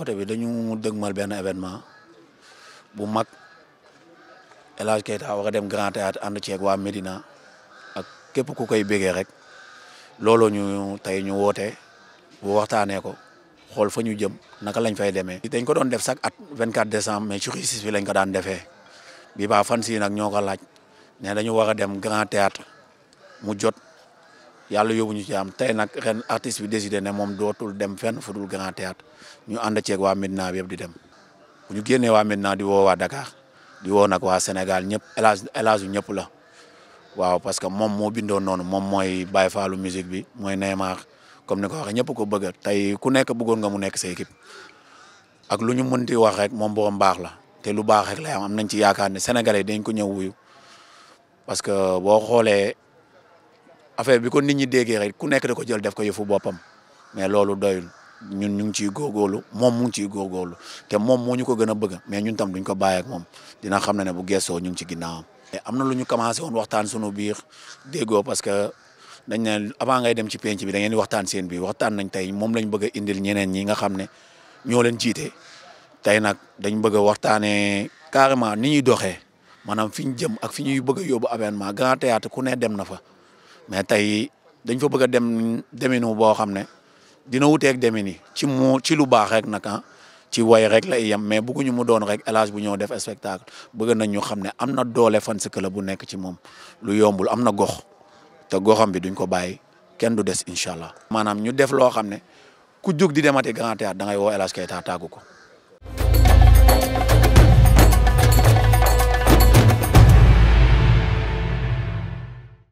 woote bi dañu dëgmal benn événement bu mag El Hadj Keita war a dem Grand Théâtre ànd ceeg waa Médina ak képp ku koy bégee rek looloo ñu tey ñu woote bu waxtaanee ko xool fa ñu jëm naka lañ fay demee. dañ ko doon def chaque at vingt 24 décembre mais ci sis bi lañ ko daan defee bi ba fan si nag ñoo ko laaj ne dañu war a dem Grand Théâtre mu jot. yàlla yóbbu ñu ci am tey nag ren artiste bi décidé ne moom dootul dem fenn fu dul grand théâtre ñu ànd ceeg waa Medina bi yëpp di dem u ñu génnee waa Medina di woo waa Dakar di woo nag waa Sénégal ñëpp élage élage ñëpp la waaw parce que moom moo bindoon noonu moom mooy Baye Fallou musique bi mooy Neymar comme ni ko waxee ñëpp ko bëgg tey ku nekk bëggoon nga mu nekk sa équipe ak lu ñu mën ti wax rek moom borom baax la te lu baax rek lay am am nañ ci yaakaar ne sénégalais dañ ko ñëw wuyu affaire bi ko nit ñi déggee rek ku nekk ko jël def ko yefu boppam mais loolu doyul ñun ñu ngi ciy góorgóorlu moom mu ngi ciy góorgóorlu te moom moo ñu ko gën a bëgg mais ñun tam duñ ko bàyyi ak moom dina xam na ne bu gestoo ñu ngi ci ginnaawam. am na lu ñu commencé woon waxtaan sunu biir déggoo parce que dañ ne avant ngay dem ci penc bi da ngeen di waxtaan seen biir waxtaan nañ tey moom lañ bëgg a indil ñeneen ñi nga xam ne ñoo leen jiite tey nag dañ bëgg a waxtaanee carrément ni ñuy doxee maanaam fi ñu jëm ak fi ñuy bëgg a yóbbu avènement grand ku ne dem na fa. mais tey dañ fa bëgg a dem deminu boo xam ne dina wuteeg demin yi ci mu ci lu baax rek nag ah, ci way rek lay yem mais bëgguñu mu doon rek élage bu ñëw def spectacle bëgg nañ ñu xam ne am na doole fan si bu nekk ci moom lu yombul am na gox te goxam bi duñ ko bàyyi kenn du des incha allah. maanaam ñu def loo xam ne ku jug di demati Grand Théâtre da ngay woo élage Keita tàggu ko.